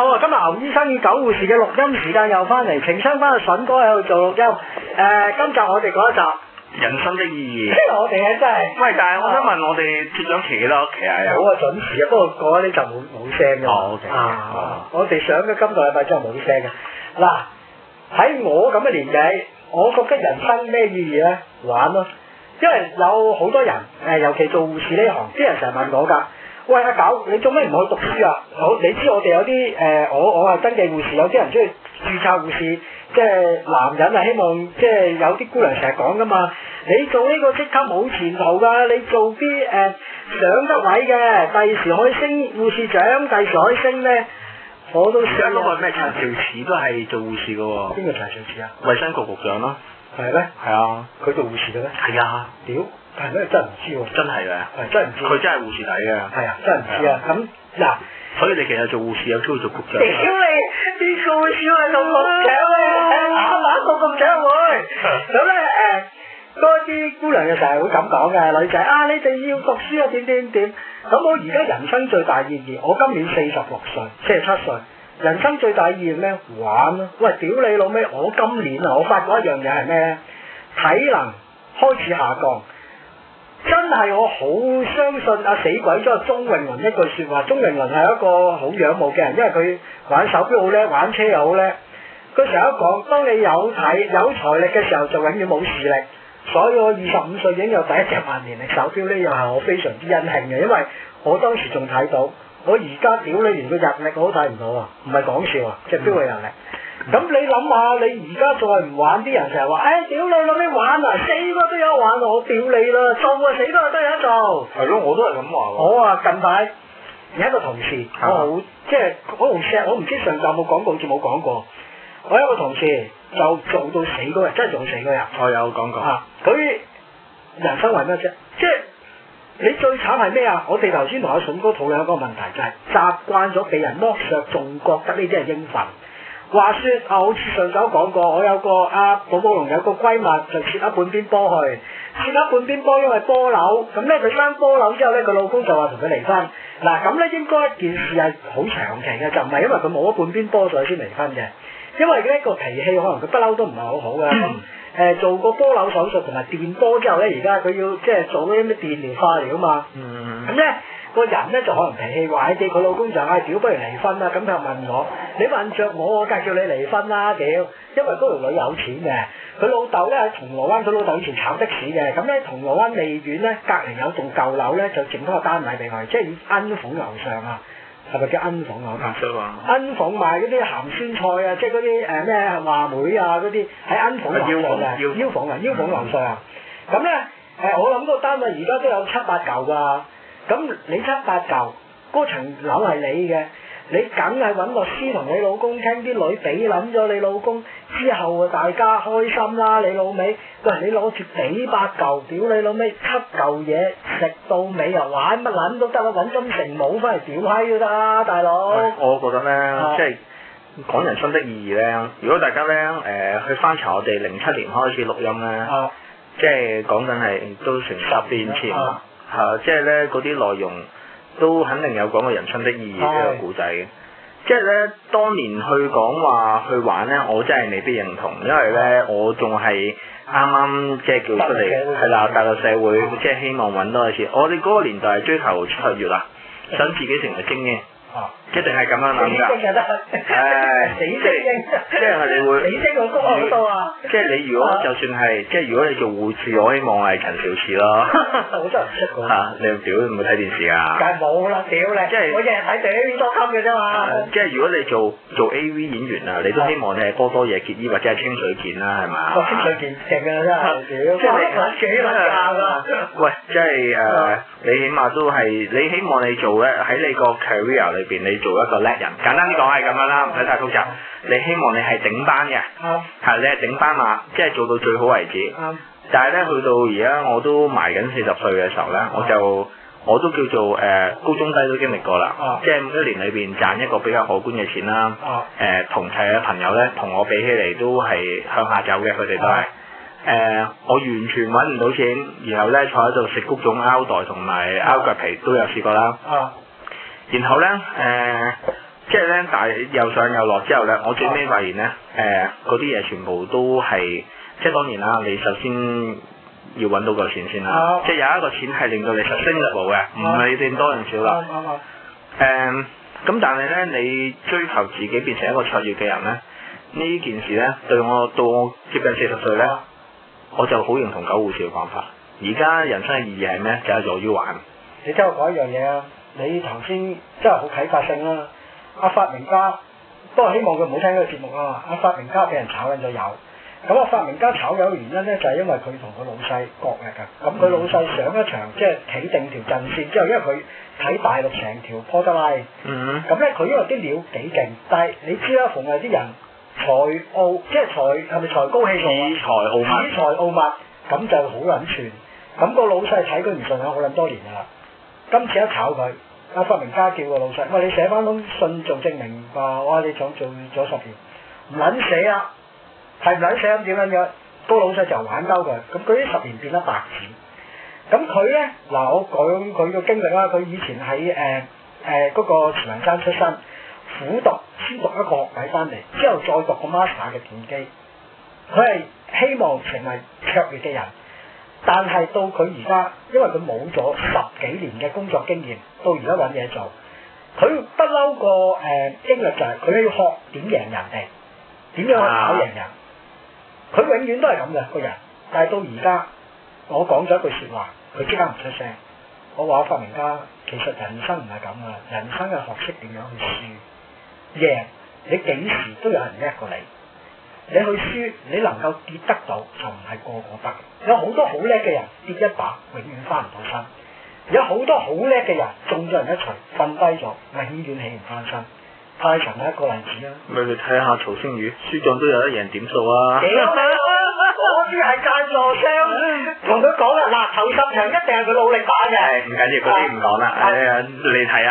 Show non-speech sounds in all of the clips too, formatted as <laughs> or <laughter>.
好啊、哦！今日牛醫生與九護士嘅錄音時間又翻嚟，平生翻阿筍哥喺度做錄音。誒、呃，今集我哋講一集人生嘅意義。我哋咧真係，喂，但係我想問我哋接咗期啦，其實好、哦 okay. 啊，準時啊，不過講一啲就冇冇聲㗎。o k 啊，我哋上咗今個禮拜真係冇聲嘅。嗱，喺我咁嘅年紀，我覺得人生咩意義咧？玩咯，因為有好多人誒，尤其做護士呢行，啲人成日問我㗎。喂阿狗，你做咩唔去讀書啊？好，你知我哋有啲誒、呃，我我係登記護士，有啲人中意註冊護士，即係男人啊，希望即係有啲姑娘成日講噶嘛。你做呢個職級冇前途㗎，你做啲誒、呃、上得位嘅，第二時可以升護士長，第二時可以升咧。我都想嗰、啊、個咩？陳肇始都係做護士嘅喎。邊個陳肇始啊？衛生局局長咯。係咩？係啊，佢嗎、啊、做護士嘅咩？係啊，屌、啊！係咩？真係唔知喎、啊，真係㗎、啊，佢真係護士仔嘅，係啊，真係唔知啊！咁嗱、啊，嗯、所以你其實做護士有機會做局長。屌你！邊個會屌你同局長啊？我哪個咁搶會？咁咧誒，多啲姑娘又成日會咁講嘅：「女仔啊，你哋要讀書啊，點點點。」咁我而家人生最大意義，我今年四十六歲，四十七歲，人生最大意義咩？玩啊！喂，屌你老味！我今年啊，我發覺一樣嘢係咩咧？體能開始下降。真係我好相信阿、啊、死鬼，即係鍾榮雲一句説話。鍾榮雲係一個好仰慕嘅人，因為佢玩手錶好叻，玩車又好叻。佢成日講，當你有睇有財力嘅時候，就永遠冇視力。所以我二十五歲已經有第一隻萬年曆手錶呢，呢樣係我非常之欣幸嘅，因為我當時仲睇到，我而家屌你連個日曆我都睇唔到啊！唔係講笑啊，隻表嘅日曆。嗯咁你諗下，你而家再唔玩，啲人成日話，誒、哎，屌你攞咩玩啊？死個都有得玩，我屌你啦，做啊死都有得做。係咯，我都係咁話。我啊，近排有一個同事，啊、我即係我同事我唔知上集有冇講過，好似冇講過。我有一個同事就做到死嗰日，真係做死嗰日、啊。我有講過。佢人生為乜啫？即係你最慘係咩啊？我哋頭先同阿順哥討論一個問題，就是，就係習慣咗俾人剝削，仲覺得呢啲係應份。話説啊，好似上首講過，我有個阿、啊、寶寶龍有個閨蜜就切咗半邊波去。切咗半邊波因為波瘤，咁咧佢生波瘤之後咧，佢老公就話同佢離婚。嗱，咁咧應該件事係好長期嘅，就唔係因為佢冇咗半邊波咗先離婚嘅，因為呢個脾氣可能佢不嬲都唔係好好嘅。誒、嗯、做過波瘤手術同埋電波之後咧，而家佢要即係做嗰啲咩電療化療噶嘛。嗯。咁咧、嗯。個人咧就可能脾氣壞啲，佢老公就嗌屌，不如離婚啦！咁佢就問我，你問着我，我梗係叫你離婚啦屌！因為嗰條女有錢嘅，佢老豆咧喺銅鑼灣，佢老豆以前炒的士嘅，咁咧銅鑼灣利苑咧隔離有棟舊樓咧，就整多個單位俾佢，即係鵪鶉樓上啊，係咪叫恩鶉樓？上」？恩樓。鵪鶉買嗰啲鹹酸菜啊，即係嗰啲誒咩話梅啊嗰啲喺恩鶉樓上啊。腰房啊腰房啊腰房樓上啊！咁咧誒，我諗個單位而家都有七八嚿㗎。咁你七八嚿嗰、那個、層樓係你嘅，你梗係揾個師同你老公傾啲女俾諗咗你老公之後，大家開心啦，你老味，喂你攞住幾百嚿屌你老味，七嚿嘢食到尾又玩乜撚都得啦，揾金城冇翻嚟屌閪都得啦，大佬。我覺得呢，啊、即係講人生的意義呢，如果大家呢，誒去翻查我哋零七年開始錄音呢，啊、即係講緊係都成十年前。啊啊啊係、啊，即係咧嗰啲內容都肯定有講個人生的意義嘅是故仔即係咧，當年去講話去玩咧，我真係未必認同，因為咧我仲係啱啱即係叫出嚟係啦，踏入社會，嗯、即係希望揾多一次。我哋嗰個年代追求卓越啦，想自己成為精英。嗯一定係咁樣諗㗎，死即係即係你會，即係你如果就算係，即係如果你做護士，我希望係陳小次咯。我真係唔識㗎。嚇，你屌唔會睇電視啊？梗係冇啦，屌你！即係我淨係睇 A V 多級嘅啫嘛。即係如果你做做 A V 演員啊，你都希望你係波多野結衣或者係清水健啦，係嘛？清水健正啊真係屌，幾撚假啊？喂，即係誒，你起碼都係你希望你做咧喺你個 career 裏邊你。做一個叻人，簡單啲講係咁樣啦，唔使太複雜。你希望你係頂班嘅，係、嗯、你係頂班嘛，即係做到最好為止。嗯、但係呢，去到而家我都埋緊四十歲嘅時候呢，我就我都叫做誒、呃、高中低都經歷過啦，嗯、即係一年裏邊賺一個比較可觀嘅錢啦。誒、呃、同期嘅朋友呢，同我比起嚟都係向下走嘅，佢哋都係誒、嗯呃、我完全揾唔到錢，然後呢坐喺度食谷種膠袋同埋拗腳皮都有試過啦。嗯嗯嗯。然後呢，誒、呃，即係咧，但又上又落之後呢，我最尾發現呢，誒、呃，嗰啲嘢全部都係，即係當然啦，你首先要揾到個錢先啦，啊、即係有一個錢係令到你升得冇嘅，唔理你多人少啦。咁、啊啊啊嗯、但係呢，你追求自己變成一個卓越嘅人呢，呢件事呢，對我到我接近四十歲呢，我就好認同九回士嘅講法。而家人生嘅意義係咩？就係、是、在於玩。你聽我講一樣嘢啊！你頭先真係好啟發性啦、啊！阿發明家不過希望佢唔好聽呢個節目啊！阿發明家俾人炒緊咗魷。咁啊發明家炒魷嘅原因咧，就係因為佢同個老細角力㗎。咁佢、嗯、老細上一場即係企定條陣線之後，因為佢睇大陸成條坡得嚟，咁咧佢因為啲料幾勁，但係你知啦、啊，逢係啲人才傲，即係才係咪才高氣傲？恃才傲物，恃才傲物，咁就好撚串。咁個老細睇佢唔順眼好撚多年啦。今次一炒佢，阿發明家叫個老細，唔係你寫翻封信做證明話哇你想做咗十年，唔捻寫啊，係唔捻寫咁點樣樣，個老細就玩鳩佢，咁佢呢十年變得白紙咁佢咧，嗱，我講佢個經歷啦，佢以前喺誒誒嗰個慈雲山出身苦讀先讀一個學位翻嚟，之後再讀個 master 嘅電機，佢係希望成為卓越嘅人。但係到佢而家，因為佢冇咗十幾年嘅工作經驗，到而家揾嘢做，佢不嬲個誒經歷就係佢要學點贏人哋，點樣去打贏人，佢永遠都係咁嘅個人。但係到而家，我講咗一句說話，佢即刻唔出聲，我話發明家其實人生唔係咁噶，人生係學識點樣去輸贏，你幾時都有人叻過你。你去輸，你能夠跌得到，就唔係個個得。有好多好叻嘅人跌一把，永遠翻唔到身；有好多好叻嘅人中咗人一錘，瞓低咗，永遠起唔翻身。太長嘅一個例子啦。咪去睇下曹星宇，輸咗都有得贏點數啊！幾好啊？我知係贊助商同佢講啦，嗱，頭十場一定係佢努力打嘅。唔緊要，嗰啲唔講啦。哎你睇啊，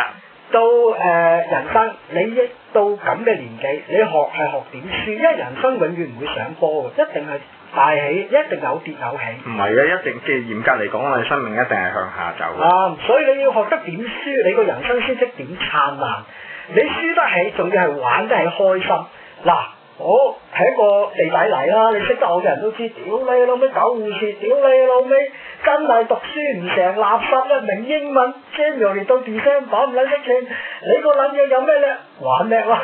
啊啊到誒、呃、人生。你一到咁嘅年紀，你學係學點輸，因為人生永遠唔會上坡嘅，一定係大起，一定有跌有起。唔係啊，一定即係嚴格嚟講，我哋生命一定係向下走。啊、嗯，所以你要學得點輸，你個人生先識點燦爛。你輸得起，仲要係玩得係開心嗱。好，係一個地底泥啦！你識得我嘅人都知，屌你老味九護士，屌你老味，真係讀書唔成，垃圾一名，英文 journal 嚟到 design 唔撚識唱，你個撚嘢有咩叻？玩叻咯，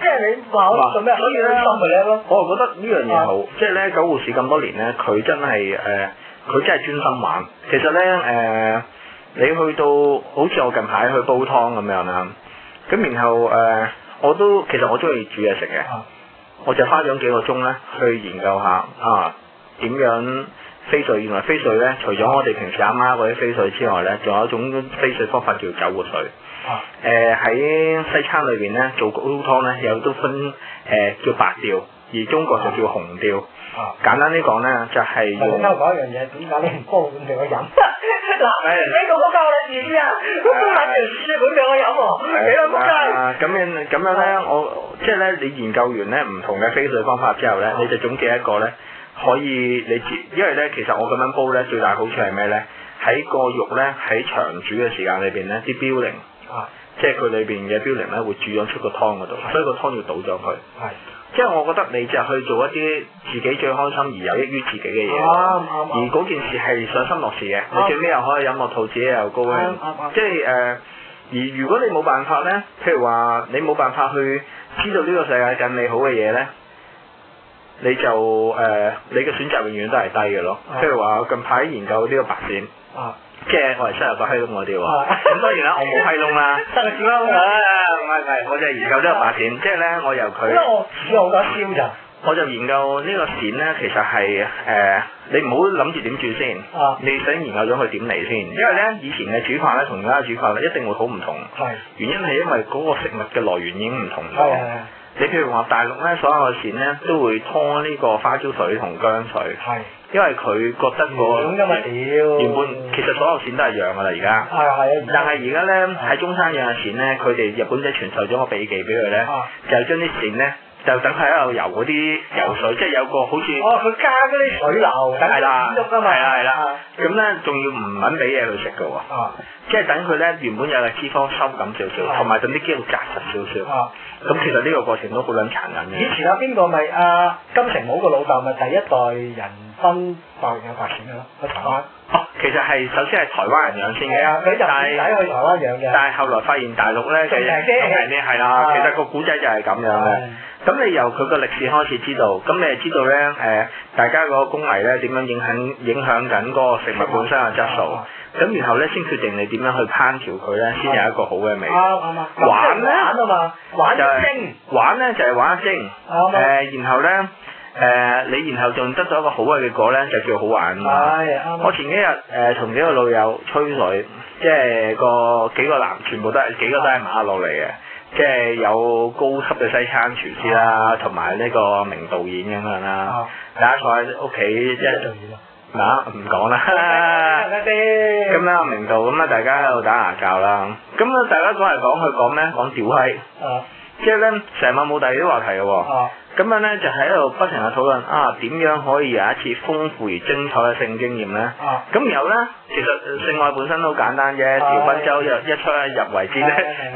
即係你玩哇、哦、做咩可以咧，三個叻咯，我覺得呢樣嘢好。嗯、即係咧，九護士咁多年咧，佢真係誒，佢、呃、真係專心玩。其實咧誒、呃，你去到好似我近排去煲湯咁樣啦，咁然後誒，我、呃、都其實我中意煮嘢食嘅。我就花咗幾個鐘咧，去研究下啊點樣飛水，原來飛水咧，除咗我哋平時阿媽嗰啲飛水之外咧，仲有一種飛水方法叫走活水。誒、呃、喺西餐裏邊咧，做高湯咧，有都分誒、呃、叫白調，而中國就叫紅調。啊！簡單啲講咧，就係要。講一樣嘢，點解你煲碗俾我飲？男仔嚟。你做乜鳩？你自己啊！我煲碗俾書本俾我飲喎！你做乜鳩？啊！咁樣咁樣咧，我即係咧，你研究完咧唔同嘅飛水方法之後咧，你就總結一個咧，可以你接，因為咧其實我咁樣煲咧最大好處係咩咧？喺個肉咧喺長煮嘅時間裏邊咧啲嘌呤。啊。即係佢裏邊嘅嘌呤咧會煮咗出個湯嗰度，所以個湯要倒咗佢。係。即係我覺得你就去做一啲自己最開心而有益於自己嘅嘢，啊嗯嗯、而嗰件事係上心樂事嘅，啊、你最尾又可以飲落肚，自己又高興。啊嗯嗯、即係誒，uh, 而如果你冇辦法呢，譬如話你冇辦法去知道呢個世界更美好嘅嘢呢，你就誒、uh, 你嘅選擇永遠都係低嘅咯。啊、譬如話近排研究呢個白線。啊即係我係出入個閪窿嗰啲喎，咁當然啦，我冇閪窿啦。唔係唔係，我就研究呢啲麻點，即係咧，我由佢。因為我燒好多燒就。我就研究呢個線咧，其實係誒，你唔好諗住點煮先。你想研究咗佢點嚟先？因為咧，以前嘅煮法咧同而家煮法咧一定會好唔同。係。原因係因為嗰個食物嘅來源已經唔同。係。你譬如話大陸咧，所有嘅線咧都會拖呢個花椒水同薑水。係。因為佢覺得個原本其實所有錢都係養噶啦，而家。係啊係啊。但係而家咧喺中山養嘅錢咧，佢哋日本仔傳授咗個秘技俾佢咧，就將啲錢咧就等佢喺度游嗰啲游水，即係有個好似。哦，佢加嗰啲水流。係啦。係啦係啦。咁咧仲要唔肯俾嘢佢食嘅喎。即係等佢咧原本有嘅脂肪收緊少少，同埋等啲肌肉紮實少少。咁其實呢個過程都好撚殘忍嘅。以前阿邊個咪阿金城武個老豆咪第一代人。分白人白犬咯，去台灣。哦，其實係首先係台灣人養先，嘅，但係後來發現大陸咧就係咩咩係啦，其實個古仔就係咁樣嘅。咁你由佢個歷史開始知道，咁你係知道咧誒，大家嗰個工藝咧點樣影響影響緊嗰個食物本身嘅質素，咁然後咧先決定你點樣去烹調佢咧，先有一個好嘅味道。啱啱。玩咧？就係蒸。玩咧就係玩一蒸。誒，然後咧。誒、呃，你然後仲得咗一個好嘅結果咧，就叫好玩嘛！哎、我前幾日誒同幾個老友吹水，即、就、係、是、個幾個男全部都係幾個都係馬六嚟嘅。嗯、即係有高級嘅西餐廚師啦，同埋呢個名導演咁樣啦。大家坐喺屋企即係，嗱唔講啦。咁樣名導咁啊，大家喺度打牙教啦。咁啊，大家講嚟講去講咩？講屌閪。哦、嗯。即係咧，成晚冇第二啲話題嘅喎。嗯咁樣咧就喺度不停嘅討論啊，點樣可以有一次豐富而精彩嘅性經驗咧？啊！咁然後咧，其實性愛本身都好簡單嘅，調品週入一出一入為先，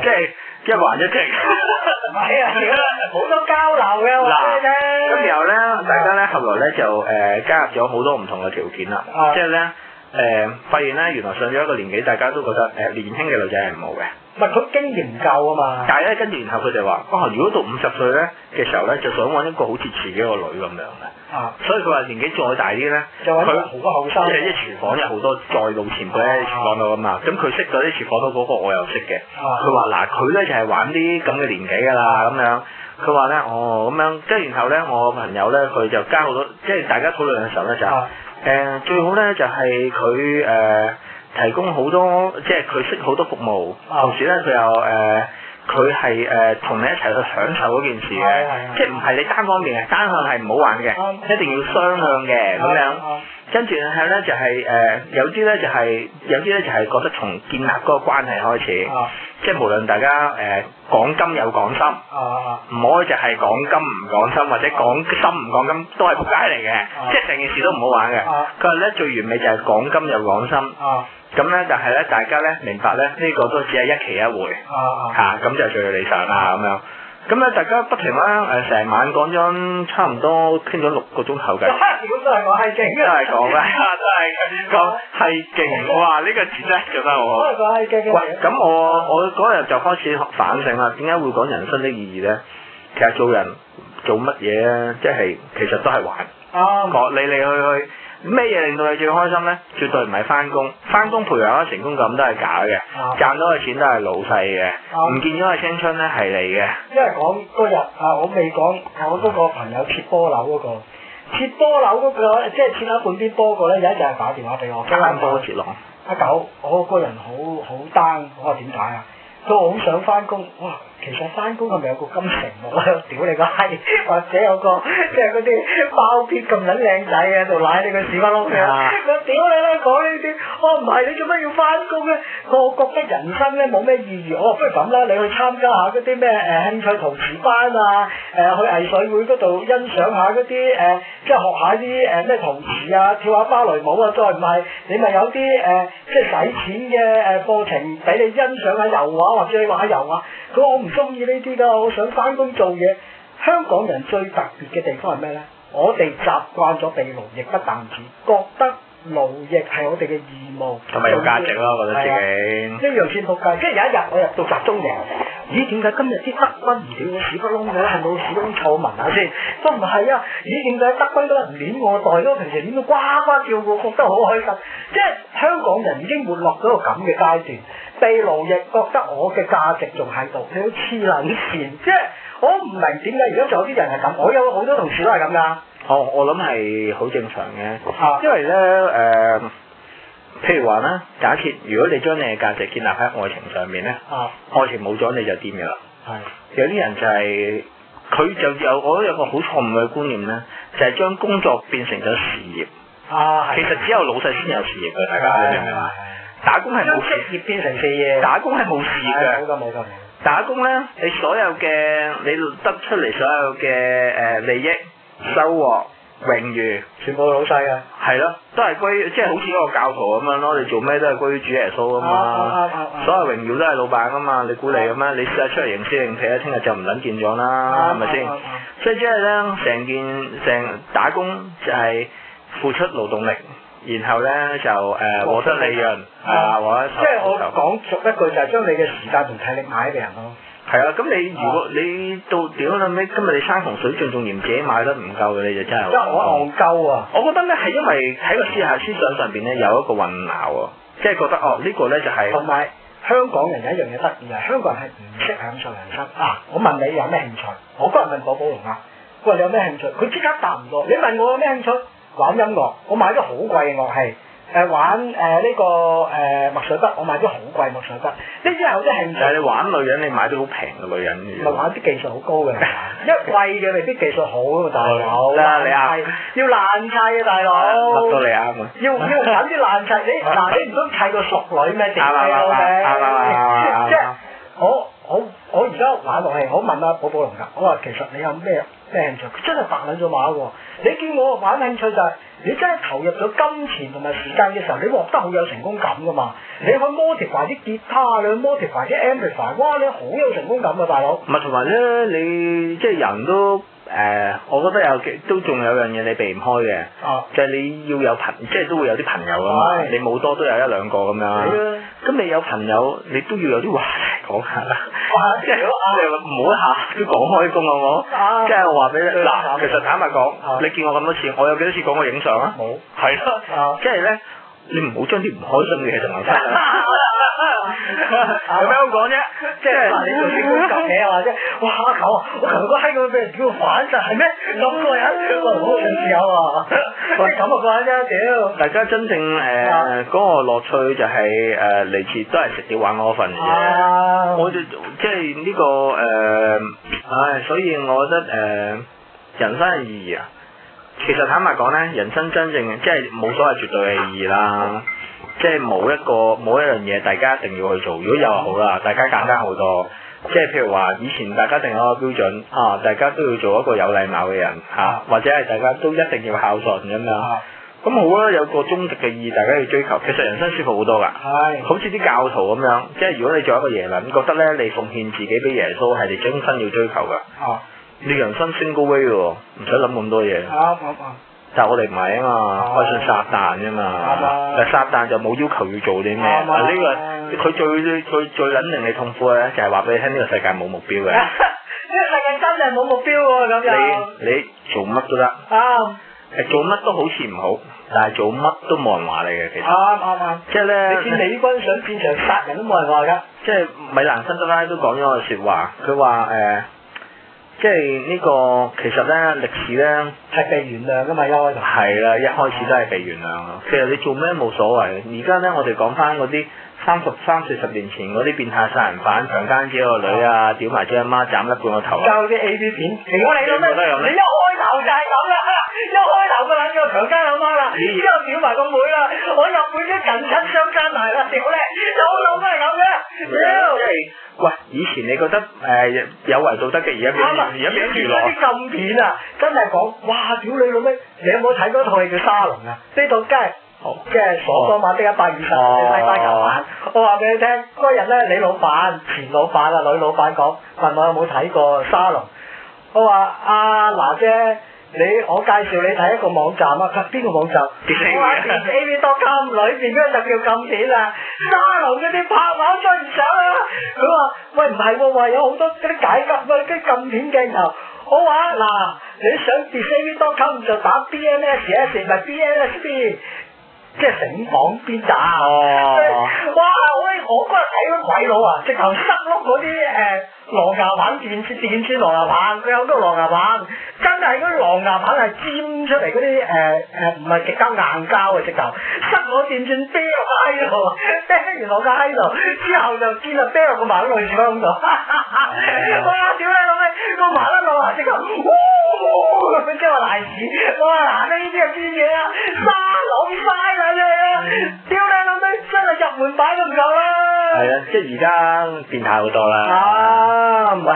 即係一橫一直。係啊，好多交流嘅。嗱、啊，咁然後咧，大家咧是、啊、後來咧就誒、呃、加入咗好多唔同嘅條件啦，即係咧。誒、呃、發現咧，原來上咗一個年紀，大家都覺得誒、呃、年輕嘅女仔係唔好嘅。唔係佢經驗唔夠啊嘛。但係咧，跟住然後佢就話：啊、哦，如果到五十歲咧嘅時候咧，就想揾一個好似自己個女咁樣嘅。啊。所以佢話年紀再大啲咧，就揾佢好多後生。即係啲廚房有好多再老前輩喺廚房度噶嘛。咁佢、啊啊啊、識咗啲廚房度嗰個我，我又識嘅。佢、啊、話：嗱，佢、啊、咧就係、是、玩啲咁嘅年紀㗎啦，咁樣。佢話咧：哦，咁、哦、樣，跟住然後咧，我個朋友咧，佢就交咗，即係大家討論嘅時，時候咧就。呢呢誒最好呢就係佢誒提供好多，即係佢識好多服務，同時呢、就是，佢又誒佢係誒同你一齊去享受嗰件事嘅，啊啊啊、即係唔係你單方面嘅，啊、單向係唔好玩嘅，啊啊、一定要雙向嘅咁樣。啊啊啊啊啊跟住係咧，就係誒有啲咧，就係有啲咧，就係覺得從建立嗰個關係開始，即係無論大家誒講金有講心，唔可以就係講金唔講心，或者講心唔講金，都係仆街嚟嘅，即係成件事都唔好玩嘅。佢話咧最完美就係講金有講心，咁咧就係咧大家咧明白咧呢個都只係一期一回嚇，咁就係最理想啦咁樣。咁咧，大家不停啦！誒、呃，成晚講咗差唔多，傾咗六個鐘頭偈。全部、就是啊、都係講閪勁真都係講嘅，都係講閪勁。啊、哇！呢、呢個字真係做得好。都係咁我我嗰日就開始反省啦。點解會講人生嘅意義咧？其實做人做乜嘢咧，即係其實都係玩。啊！我嚟嚟去去。咩嘢令到你最開心呢？絕對唔係翻工，翻工培養成功感都係假嘅，啊、賺到嘅錢都係老細嘅，唔、啊、見咗嘅青春呢係你嘅。因為講嗰日啊，我未講我嗰個朋友切波樓嗰、嗰個，切波樓嗰、嗰個即係切到半邊波個呢，有一日係打電話俾我，單波切窿。阿九，down, 我嗰人好好 down 我話點解啊？都好想翻工，哇！其實翻工係咪有個金城武咯，屌 <laughs> 你個閪！或者有個即係啲包屁咁撚靚仔喺度攬你個屎窟窿咁屌你啦！講呢啲，哦，唔係你做咩要翻工咧？我覺得人生咧冇咩意義，我不如咁啦，你去參加下嗰啲咩誒興趣陶瓷班啊，誒、啊、去藝術會嗰度欣賞下嗰啲誒，即、啊、係、就是、學下啲誒咩陶瓷啊，跳下芭蕾舞啊，再唔係你咪有啲誒即係使錢嘅誒課程俾你欣賞下油畫或者你畫下油畫，咁我唔中意呢啲啦！我想返工做嘢。香港人最特別嘅地方係咩咧？我哋習慣咗地牢，亦不但止覺得。勞役係我哋嘅義務，同埋有價值咯，我覺得自己、啊。即係又算仆街，即係有一日我入到集中營，咦？點解今日啲德軍唔屌我屎窟窿嘅？係冇屎窟窿臭聞下先，都唔係啊！咦？點解德軍都唔攆我袋？都平時攆到呱呱叫，我覺得好開心。即係香港人已經活落咗個咁嘅階段，被勞役覺得我嘅價值仲喺度，你好黐撚線，即係。我唔明點解而家仲有啲人係咁，我有好多同事都係咁噶。哦，我諗係好正常嘅，因為咧誒、呃，譬如話咧，假設如果你將你嘅價值建立喺愛情上面咧，愛、啊、情冇咗你就掂噶啦。係的，有啲人就係、是、佢就有我都有個好錯誤嘅觀念咧，就係、是、將工作變成咗事業。啊，其實只有老細先有事業嘅，大家明唔明啊？的的打工係冇事業，業變成事業，打工係冇事業嘅。冇噶的，冇噶。打工呢，你所有嘅你得出嚟所有嘅、呃、利益、收穫、榮譽，全部老細嘅。係咯，都係歸即係、即係、好似一個教徒咁樣咯，你做咩都係歸主耶穌啊嘛。啊啊啊啊，所有榮耀都係老闆噶嘛，你估你咁樣？你試下出嚟迎接睇下聽日就唔撚見咗啦，係咪先？所以即係呢，成件成打工就係付出勞動力。然後咧就誒獲得利潤啊，獲得收益。即係我講俗一句，就係將你嘅時間同體力賣俾人咯。係啊，咁你如果你到屌啦尾，今日你山窮水盡仲嫌自己買得唔夠嘅，你就真係。即係我戇鳩啊！我覺得咧係因為喺個思考思想上邊咧有一個混淆啊。即係覺得哦呢個咧就係。同埋香港人有一樣嘢得意啊，香港人係唔識享受人生。嗱，我問你有咩興趣？我個人問寶寶龍啊，佢話你有咩興趣？佢即刻答唔到。你問我有咩興趣？玩音樂，我買咗好貴嘅樂器。誒玩誒呢個誒墨水筆，我買咗好貴墨水筆。呢啲係我啲興趣。誒你玩女人，你買啲好平嘅女人嘅。咪玩啲技術好高嘅，一貴嘅未必技術好。大佬，要爛曬，要爛曬啊大佬。乜都你啊！要要玩啲爛晒？你嗱你唔想睇個熟女咩？啱啦啱啦啱啦即係我。我我而家玩落去，好問啦、啊、寶寶龍噶，我話其實你有咩咩興趣？佢真係白撚咗馬喎！你見我玩興趣就係、是、你真係投入咗金錢同埋時間嘅時候，你獲得好有成功感噶嘛？你去 modify 啲吉他，你去 modify 啲 amplifier 哇！你好有成功感啊大佬。唔係，同埋咧，你即係人都。誒，我覺得有都仲有樣嘢你避唔開嘅，就係你要有朋，即係都會有啲朋友啦。你冇多都有一兩個咁樣。咁你有朋友，你都要有啲話題講下啦。即係唔好一下都講開工，好唔好？即係我話俾你。嗱，其實坦白講，你見我咁多次，我有幾多次講過影相啊？係咯。即係咧，你唔好將啲唔開心嘅嘢同埋。有咩好講啫？即係嗱，你做呢種革命話啫。哇！求我我頭先嗰閪咁樣俾人叫反就係咩？咁個人，咁唔好想住有啊！即咁嘅個人啫。屌、呃，大家真正誒嗰、呃嗰個樂趣就係誒嚟自都係直接玩我份嘢。啊、我哋即係呢個誒，唉、呃哎，所以我覺得誒、呃，人生嘅意義啊，其實坦白講咧，人生真正即係冇所謂絕對嘅意義啦、啊。即係冇一個冇一樣嘢，大家一定要去做。如果有啊，好啦，大家簡單好多。即係譬如話，以前大家定咗個標準，啊，大家都要做一個有禮貌嘅人，嚇、啊，或者係大家都一定要孝順咁樣。咁好啊，啊好有個終極嘅意義，大家要追求。其實人生舒服多是好多噶，好似啲教徒咁樣。即係如果你做一個耶倫，你覺得呢？你奉獻自己俾耶穌係你終生要追求噶。啊、你人生升高威喎，唔使諗咁多嘢。啊啊啊但我哋唔係啊嘛吧，我相信撒旦啫嘛，咪撒旦就冇要求要做啲咩，呢、啊啊、個佢是、啊、最最最最令你痛苦嘅就係話俾你聽呢個世界冇目標嘅，呢、啊呢個世界真係冇目標喎咁又，你你做乜都得，係、啊、做乜都好似唔好，但係做乜都冇人話你嘅，其實，啱啱啱，即係咧，啊、呢你見美軍想戰場殺人都冇人話㗎，即係米蘭辛德拉都講咗個説話，佢話誒。啊啊啊啊啊即係呢、呢個其實咧歷史咧係被原諒噶嘛，一開頭係啦，一開始都係被原諒啊！其實你做咩冇所謂，而家咧我哋講翻嗰啲三十三四十年前嗰啲變態殺人犯、強姦自己個女啊、屌埋自己阿媽、斬一半個頭，搞啲 A B 片嚟講，哎、你都你一開頭就係咁啦！一開頭個撚嘢強姦阿媽啦，之後屌埋個妹啦，我又揾啲近親相奸埋啦，屌老母都係咁嘅。喂，以前你覺得誒有為道德嘅，而家佢而家啲禁片啊，真係講，哇！屌你老味，你有冇睇嗰套叫《沙龍》啊、嗯？呢套梗係，即係上當晚的一百二十隻籤牌球玩。嗯、我話俾你聽，嗰日咧，李老闆、前老闆啊、女老闆講，問我有冇睇過《沙龍》？」我話阿嗱姐。」你我介紹你睇一個網站啊，邊個網站？我話 B B 多 com 裏邊嗰個就叫禁片啊。沙龍嗰啲拍都追唔上啊。佢話：喂唔係喎，有好多嗰啲解禁嘅禁片鏡頭。我話：嗱，你想 B B 多 com 就打 B N S S 咪 B N S B。即係整房邊打啊！哇！我我嗰日睇到鬼佬啊，直頭塞碌嗰啲誒狼牙棒、電鑽，電鑽穿狼牙棒，佢有個狼牙棒，真係嗰狼牙棒係尖出嚟嗰啲誒誒，唔係直膠硬膠啊！直頭塞我電鑽跌喺度，跌完落架喺度，之後就見到跌落個馬路樹樁度。哇！點是、啊、解咁嘅？個馬路樹樁直頭，即係話爛樹。哇！嚇！呢啲係邊嘢啊？啊好快呀你呀！屌你老母，真係入門擺都唔夠啦！係啊，即係而家變態好多啦。啊，喂，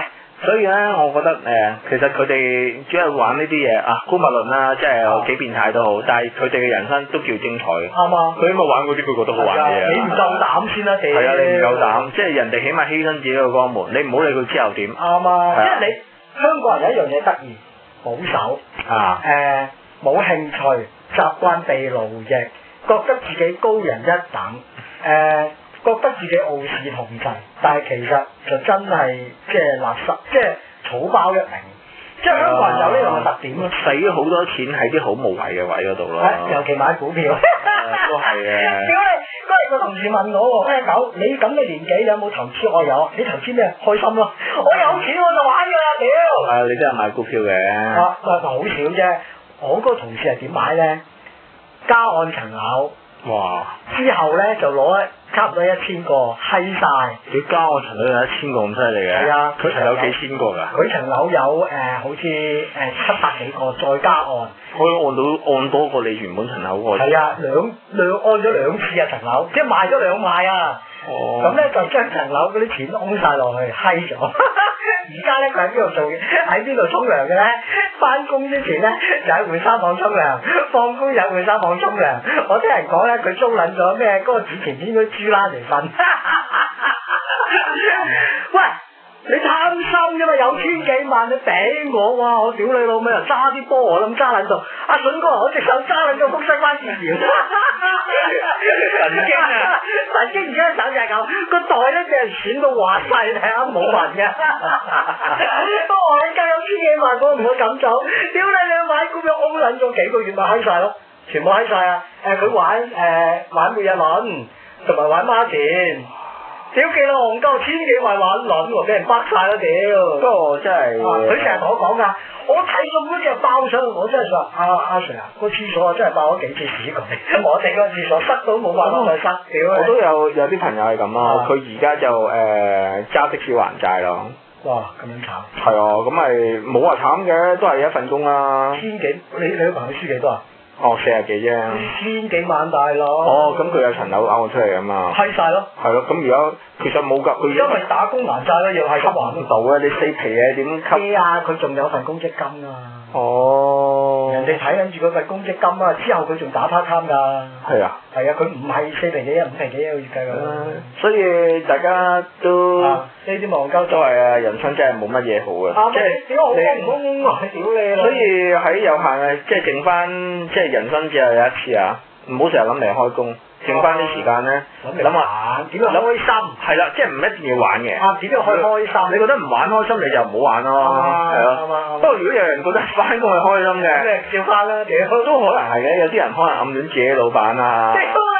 所以咧，我覺得誒，其實佢哋主要係玩呢啲嘢啊，孤物論啦，即係幾變態都好，但係佢哋嘅人生都叫精彩。啱啊！佢因為玩嗰啲佢覺得好玩嘅嘢。你唔夠膽先啦，哋係啊！你唔夠膽，即係人哋起碼犧牲自己個肛門，你唔好理佢之後點。啱啊！因為你香港人有一樣嘢得意，保守啊誒，冇興趣。習慣被奴役，覺得自己高人一等，誒、欸，覺得自己傲視同儕，但係其實就真係即係垃圾，即、就、係、是就是、草包一名，即係香港人有呢樣特點咯、啊，使咗好多錢喺啲好無謂嘅位嗰度咯，尤其買股票，都係嘅，屌 <laughs> 你，都個同事問我喎，阿九，你咁嘅年紀有冇投資？我有，你投資咩啊？開心咯，我有錢我就玩噶，屌的，係你都係買股票嘅、啊啊，都係同好少啫。啊我嗰個同事係點買咧？加按層樓，哇！之後咧就攞差唔多一千個，蝦晒！你加按層樓有一千個咁犀利嘅？係啊，佢層樓幾千個㗎。佢層樓有誒、呃，好似誒七百幾個，再加按可以按到按多過你原本層樓喎。係啊，兩兩按咗兩次啊層樓，即係賣咗兩賣啊！咁咧哇就將層樓嗰啲錢攬晒落去，蝦咗。 <laughs> 而家咧佢喺邊度做嘅？喺邊度沖涼嘅咧？翻工之前咧就喺換衫房沖涼。放工又喺換衫房沖涼。我聽人講咧，佢租撚咗咩？嗰、嗰個以前啲嗰啲豬欄嚟瞓。 <laughs> 你貪心啫嘛，有千幾萬你俾我，哇！我屌你老味又揸啲波，啊，我咁揸捻到，阿筍哥我隻手揸捻到福西灣紙條，神經神經而家手就係咁，個袋都啲錢都玩曬，睇下冇問嘅。 <laughs> <laughs> 我依家有千幾萬，我唔好咁做，屌你！你去買股票，我咁捻咗幾個月咪閪晒咯，全部閪晒啊！誒、呃，佢玩誒、呃、玩每日輪，同埋玩孖田。屌佢老母唔夠千幾萬揾卵喎，俾人崩晒咯屌！不過、哦、真係，佢成日同我講噶，啊、我睇咁多隻爆上，我真係想，阿阿 Sir 啊，個廁所我真係爆咗幾次屎，咁我哋個廁所塞到冇辦法再塞，屌！我都有有啲朋友係咁啊，佢而家就誒揸的士還債啦。哇，咁樣慘！係啊，咁咪冇話慘嘅，都係一份工啦、啊。千幾？你你個朋友輸幾多啊？哦，四啊幾啫，千幾萬大佬。哦，咁佢有層樓押我出嚟啊嘛。批晒咯。係咯，咁而家其實冇㗎，佢因為打工還債啦，又係吸唔到啊，你四皮嘢點樣吸？車啊，佢仲有份公積金啊。哦。人哋睇緊住嗰份公積金啊，之後佢仲打 part time 㗎。係啊，係啊，佢唔係四零幾啊，五零幾一個月計㗎、啊。所以大家都呢啲望膠都係啊，人生真係冇乜嘢好嘅。啊，咁是你點是啊？好工唔好工屌你是。所以喺有限嘅，即係剩翻，即係人生只係有一次啊！唔好成日諗嚟開工。剩翻啲時間咧，你諗下點樣開心？係啦，即係唔一定要玩嘅，只不過開唔開心。你覺得唔玩開心，你就唔、啊啊、吧好玩咯，係咯。不過如果有人覺得翻工係開心嘅，即係笑翻啦，其實都可能係嘅，有啲人可能暗戀自己老闆啊。 <noise>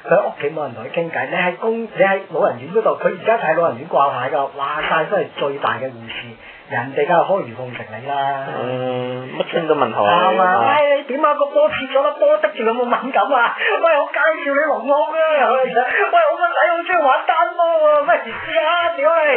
佢喺屋企冇人同佢傾偈，你喺公，你喺老人院嗰度，佢而家喺老人院掛牌噶，話晒都係最大嘅護士，人哋梗係開魚奉承你啦。嗯，乜清都問候。啱嘛啊！唉、哎，點啊，個波切咗粒波，得住有冇敏感啊？喂，我介紹你落網啦！喂，我個仔好中意玩單波喎，啊，咩意思啊？屌你！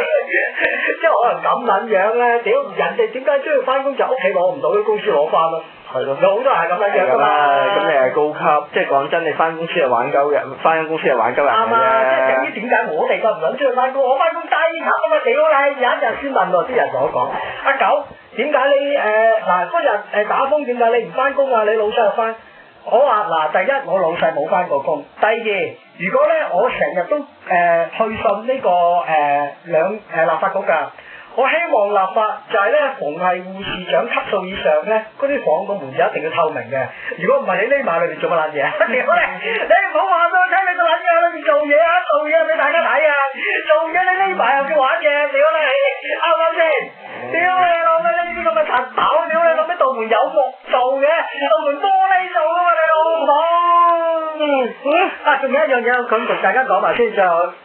即係可能咁撚樣咧，啊，屌人哋點解中意翻工，就屋企攞唔到，喺公司攞翻囉？係咯，有好多人係咁樣噶啦。咁你係高級，即係講真，你翻公司又玩鳩嘅。翻公司又玩鳩人嘅。啱啊，即係至於點解我哋都唔想出去翻工，我翻工低級啊，幾好你有一日先問喎，啲人同我講。阿、啊、九，點解你誒嗱嗰日誒打風，點解你唔翻工啊？你老細又翻？我話嗱，第一我老細冇翻過工，第二如果咧我成日都誒去、呃、信呢、呢個誒、呃、兩誒、呃、立法局㗎。我希望立法就係咧，逢係護士長級數以上咧，嗰啲房個門要一定要透明嘅。如果唔係，你匿埋裏邊做乜撚嘢？屌你！你唔好話我睇你做撚嘢啦，做嘢啊，做嘢俾大家睇啊，做嘢你匿埋入邊玩嘢。屌你！啱唔啱先？屌你！諗乜呢啲咁嘅柒頭？屌你！諗咩？道門有木做嘅？道門玻璃做啊嘛！你老母！啊，仲有一樣嘢，我咁同大家講埋先就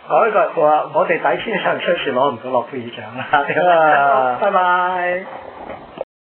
講一個，我我哋底先上出事攞唔到諾貝爾獎啦。呃拜拜。